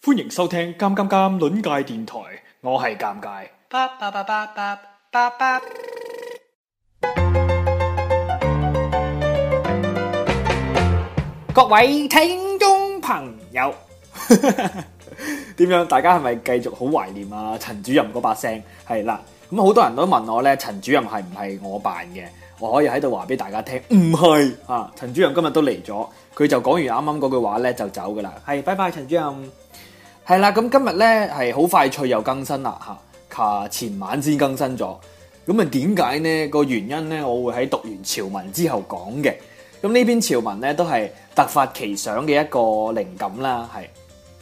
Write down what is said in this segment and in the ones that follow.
歡迎收聽《尷尷尷》論界電台，我係尷尬。各位聽眾朋友，點樣？大家係咪繼續好懷念啊？陳主任嗰把聲係啦，咁好多人都問我呢陳主任係唔係我扮嘅？我可以喺度話俾大家聽，唔係啊！陳主任今日都嚟咗，佢就講完啱啱嗰句話呢就走噶啦，係拜拜，陳主任。係啦，咁今日咧，係好快脆又更新啦吓，卡前晚先更新咗。咁啊，點解呢個原因咧？我會喺讀完潮文之後講嘅。咁呢篇潮文咧都係突發奇想嘅一個靈感啦，係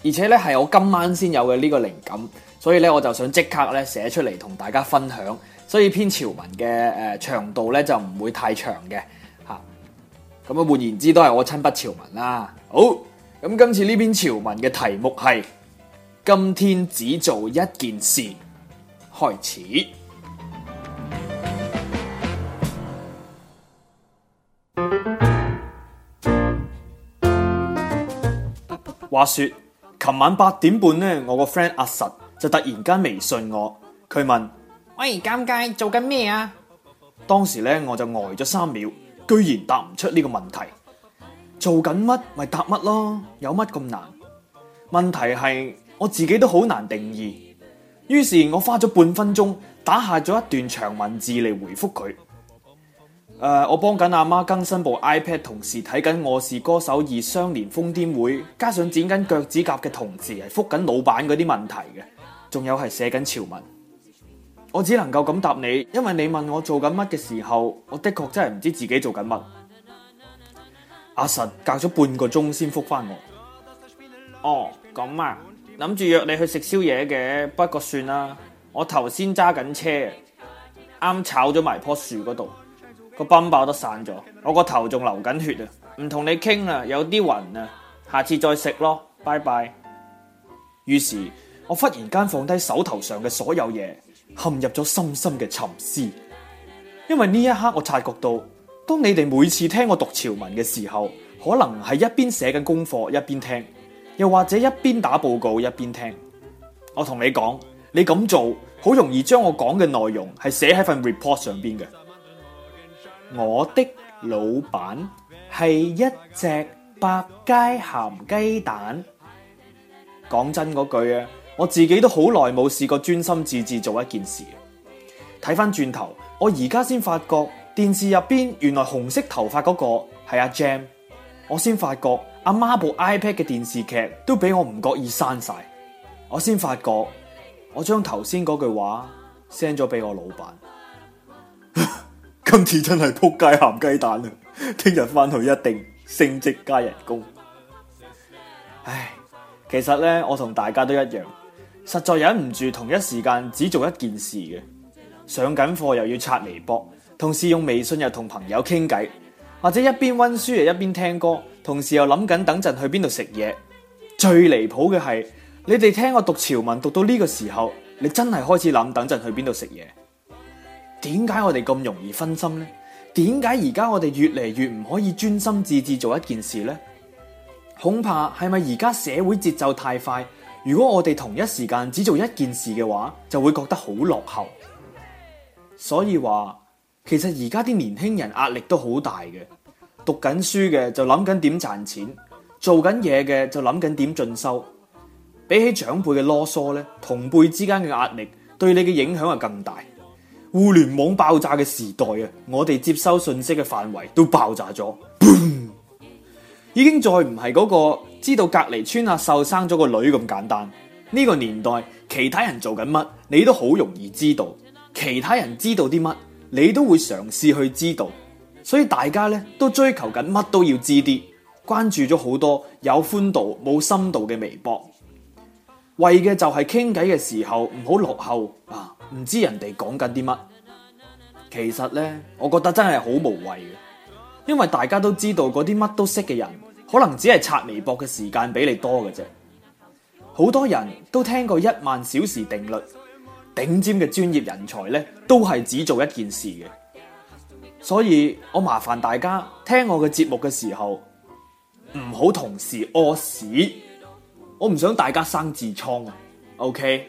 而且咧，係我今晚先有嘅呢個靈感，所以咧，我就想即刻咧寫出嚟同大家分享。所以篇潮文嘅誒長度咧就唔會太長嘅吓。咁啊，換言之都係我親筆潮文啦。好，咁今次呢篇潮文嘅題目係。今天只做一件事，開始。話說，琴晚八點半呢，我個 friend 阿實就突然間微信我，佢問：喂，尷尬，做緊咩啊？當時呢，我就呆咗三秒，居然答唔出呢個問題。做緊乜咪答乜咯，有乜咁難？問題係。我自己都好難定義，於是我花咗半分鐘打下咗一段長文字嚟回復佢。誒、呃，我幫緊阿媽，媽更新部 iPad，同時睇緊《我是歌手》二雙連瘋癲會，加上剪緊腳趾甲嘅同時係復緊老闆嗰啲問題嘅，仲有係寫緊潮文。我只能夠咁答你，因為你問我做緊乜嘅時候，我的確真係唔知自己做緊乜。阿實隔咗半個鐘先復翻我。哦，咁啊。諗住約你去食宵夜嘅，不過算啦，我頭先揸緊車，啱炒咗埋棵樹嗰度，個泵爆得散咗，我個頭仲流緊血啊！唔同你傾啦，有啲暈啊，下次再食囉，拜拜。於是，我忽然間放低手頭上嘅所有嘢，陷入咗深深嘅沉思，因為呢一刻我察覺到，當你哋每次聽我讀潮文嘅時候，可能係一邊寫緊功課一邊聽。又或者一邊打報告一邊聽，我同你講，你咁做好容易將我講嘅內容係寫喺份 report 上邊嘅。我的老闆係一隻百佳咸雞蛋。講真嗰句啊，我自己都好耐冇試過專心致志做一件事。睇翻轉頭，我而家先發覺電視入邊原來紅色頭髮嗰個係阿 Jam，我先發覺。阿媽部 iPad 嘅電視劇都俾我唔覺意刪晒，我先發覺我將頭先嗰句話 send 咗俾我老闆， 今次真係扑街鹹雞蛋啦！聽日翻去一定升職加人工。唉，其實呢，我同大家都一樣，實在忍唔住同一時間只做一件事嘅，上緊課又要刷微博，同時用微信又同朋友傾偈。或者一邊溫書一邊聽歌，同時又諗緊等陣去邊度食嘢。最離譜嘅係，你哋聽我讀潮文讀到呢個時候，你真係開始諗等陣去邊度食嘢。點解我哋咁容易分心呢？點解而家我哋越嚟越唔可以專心致志做一件事呢？恐怕係咪而家社會節奏太快？如果我哋同一時間只做一件事嘅話，就會覺得好落後。所以話。其實而家啲年輕人壓力都好大嘅，讀緊書嘅就諗緊點賺錢，做緊嘢嘅就諗緊點進修。比起長輩嘅囉嗦咧，同輩之間嘅壓力對你嘅影響係更大。互聯網爆炸嘅時代啊，我哋接收信息嘅範圍都爆炸咗，已經再唔係嗰個知道隔籬村阿、啊、秀生咗個女咁簡單。呢、這個年代，其他人做緊乜，你都好容易知道；其他人知道啲乜。你都會嘗試去知道，所以大家咧都追求緊乜都要知啲，關注咗好多有寬度冇深度嘅微博，為嘅就係傾偈嘅時候唔好落後啊！唔知人哋講緊啲乜，其實咧，我覺得真係好無謂嘅，因為大家都知道嗰啲乜都識嘅人，可能只係刷微博嘅時間比你多嘅啫。好多人都聽過一萬小時定律。頂尖嘅專業人才呢，都係只做一件事嘅，所以我麻煩大家聽我嘅節目嘅時候，唔好同時屙屎，我唔想大家生痔瘡啊！OK，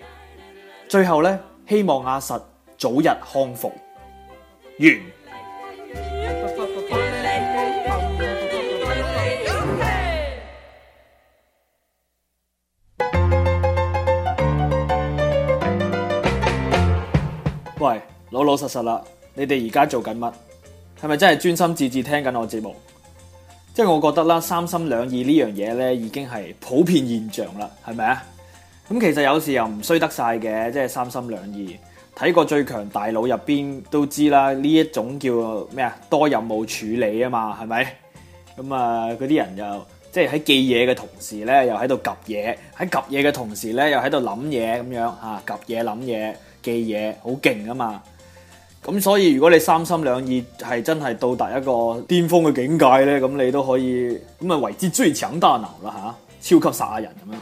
最後呢，希望阿實早日康復，完。老老實實啦，你哋而家做緊乜？係咪真係專心致志聽緊我節目？即係我覺得啦，三心兩意呢樣嘢咧，已經係普遍現象啦，係咪啊？咁其實有時又唔衰得晒嘅，即係三心兩意。睇過最強大腦入邊都知啦，呢一種叫咩啊？多任務處理啊嘛，係咪？咁啊，嗰啲人又即係喺記嘢嘅同時咧，又喺度及嘢；喺及嘢嘅同時咧，又喺度諗嘢咁樣吓，及嘢諗嘢記嘢，好勁啊嘛！咁所以如果你三心兩意係真係到達一個巔峰嘅境界呢，咁你都可以咁啊，為之追搶大牛啦，超級殺人咁樣。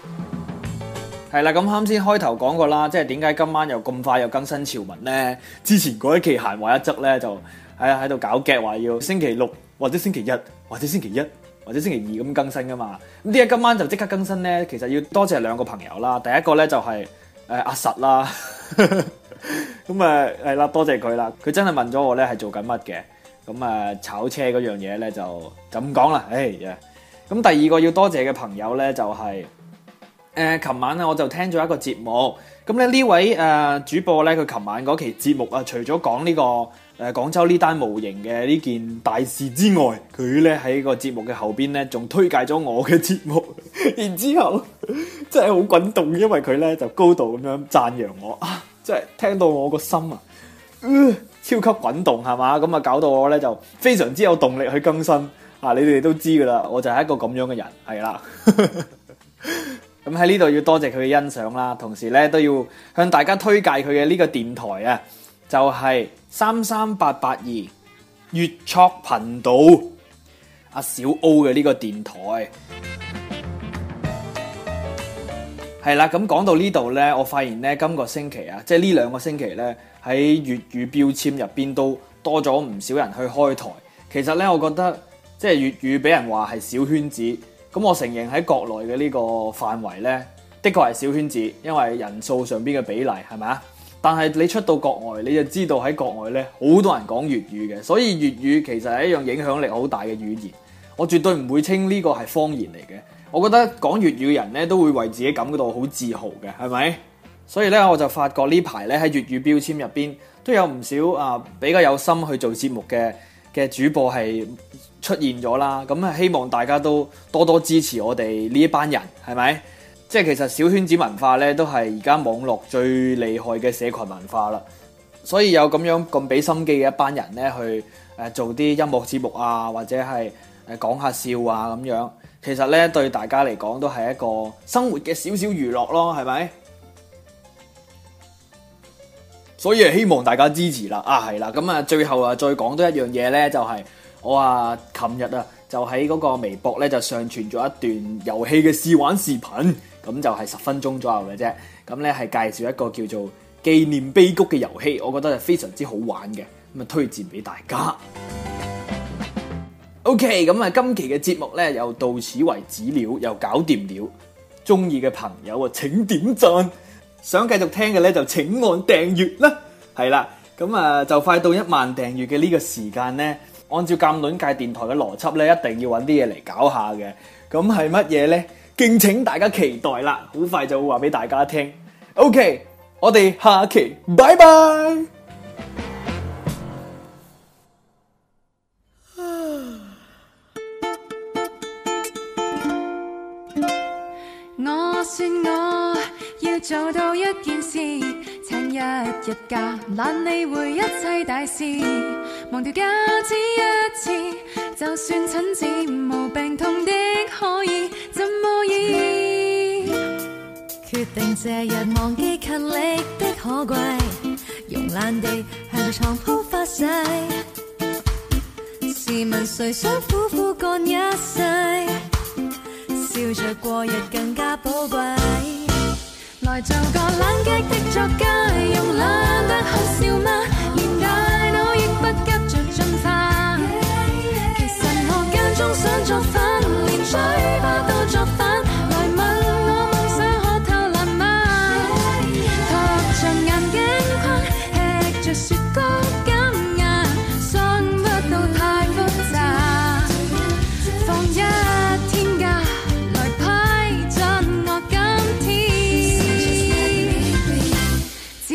係啦，咁啱先開頭講過啦，即係點解今晚又咁快又更新潮文呢？之前嗰一期閒話一則呢，就喺喺度搞腳話要星期六或者星期日或者星期一或者星期二咁更新噶嘛。咁點解今晚就即刻更新呢，其實要多謝兩個朋友啦。第一個呢、就是，就係誒阿實啦。 咁啊，係啦，多謝佢啦。佢真係問咗我咧，係做緊乜嘅？咁啊，炒車嗰樣嘢咧就唔講啦。唉，咁第二個要多謝嘅朋友咧就係誒，琴晚呢，我就聽咗一個節目。咁咧呢位誒、呃、主播咧，佢琴晚嗰期節目啊，除咗講呢個誒廣州呢單模型嘅呢件大事之外，佢咧喺個節目嘅後邊咧，仲推介咗我嘅節目。 然之後 真係好滾動，因為佢咧就高度咁樣讚揚我。即係聽到我個心啊、呃，超級滾動係嘛？咁啊搞到我咧就非常之有動力去更新啊！你哋都知噶啦，我就係一個咁樣嘅人，係啦。咁喺呢度要多謝佢嘅欣賞啦，同時咧都要向大家推介佢嘅呢個電台啊，就係三三八八二粵拓頻道阿小 O 嘅呢個電台。就是係啦，咁講到呢度呢，我發現呢，今個星期啊，即係呢兩個星期呢，喺粵語標籤入邊都多咗唔少人去開台。其實呢，我覺得即係粵語俾人話係小圈子，咁我承認喺國內嘅呢個範圍呢，的確係小圈子，因為人數上邊嘅比例係咪啊？但係你出到國外，你就知道喺國外呢，好多人講粵語嘅，所以粵語其實係一樣影響力好大嘅語言。我絕對唔會稱呢個係方言嚟嘅。我覺得講粵語嘅人咧都會為自己感覺到好自豪嘅，係咪？所以咧，我就發覺呢排咧喺粵語標籤入邊都有唔少啊比較有心去做節目嘅嘅主播係出現咗啦。咁啊，希望大家都多多支持我哋呢一班人，係咪？即係其實小圈子文化咧，都係而家網絡最厲害嘅社群文化啦。所以有咁樣咁俾心機嘅一班人咧，去誒做啲音樂節目啊，或者係誒講下笑啊咁樣。其實咧對大家嚟講都係一個生活嘅少少娛樂咯，係咪？所以希望大家支持啦。啊，係啦，咁啊，最後啊再講多一樣嘢呢，就係、是、我啊，琴日啊就喺嗰個微博呢，就上傳咗一段遊戲嘅試玩視頻，咁就係十分鐘左右嘅啫。咁呢係介紹一個叫做《紀念碑谷》嘅遊戲，我覺得係非常之好玩嘅，咁啊推薦俾大家。OK，咁啊，今期嘅節目咧又到此為止了，又搞掂了。中意嘅朋友啊，請點贊。想繼續聽嘅咧，就請按訂閱啦。係啦，咁啊，就快到一萬訂閱嘅呢個時間咧，按照鑒論界電台嘅邏輯咧，一定要揾啲嘢嚟搞下嘅。咁係乜嘢呢？敬請大家期待啦，好快就會話俾大家聽。OK，我哋下期，拜拜。一家懶理會一切大事，忘掉假只一次。就算診治無病痛的可以，怎麼醫？決定這日忘記勤力的可貴，慵懶地向着床鋪發誓。試問誰想苦苦幹一世？笑着過日更加寶貴。來做個冷靜的作家，用冷的好笑嗎？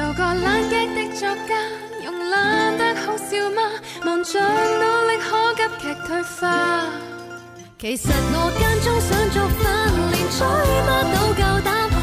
做個冷酷的作家，用懶得好笑嗎？忙著努力可急劇退化， 其實我間中想作反，連吹不到夠膽。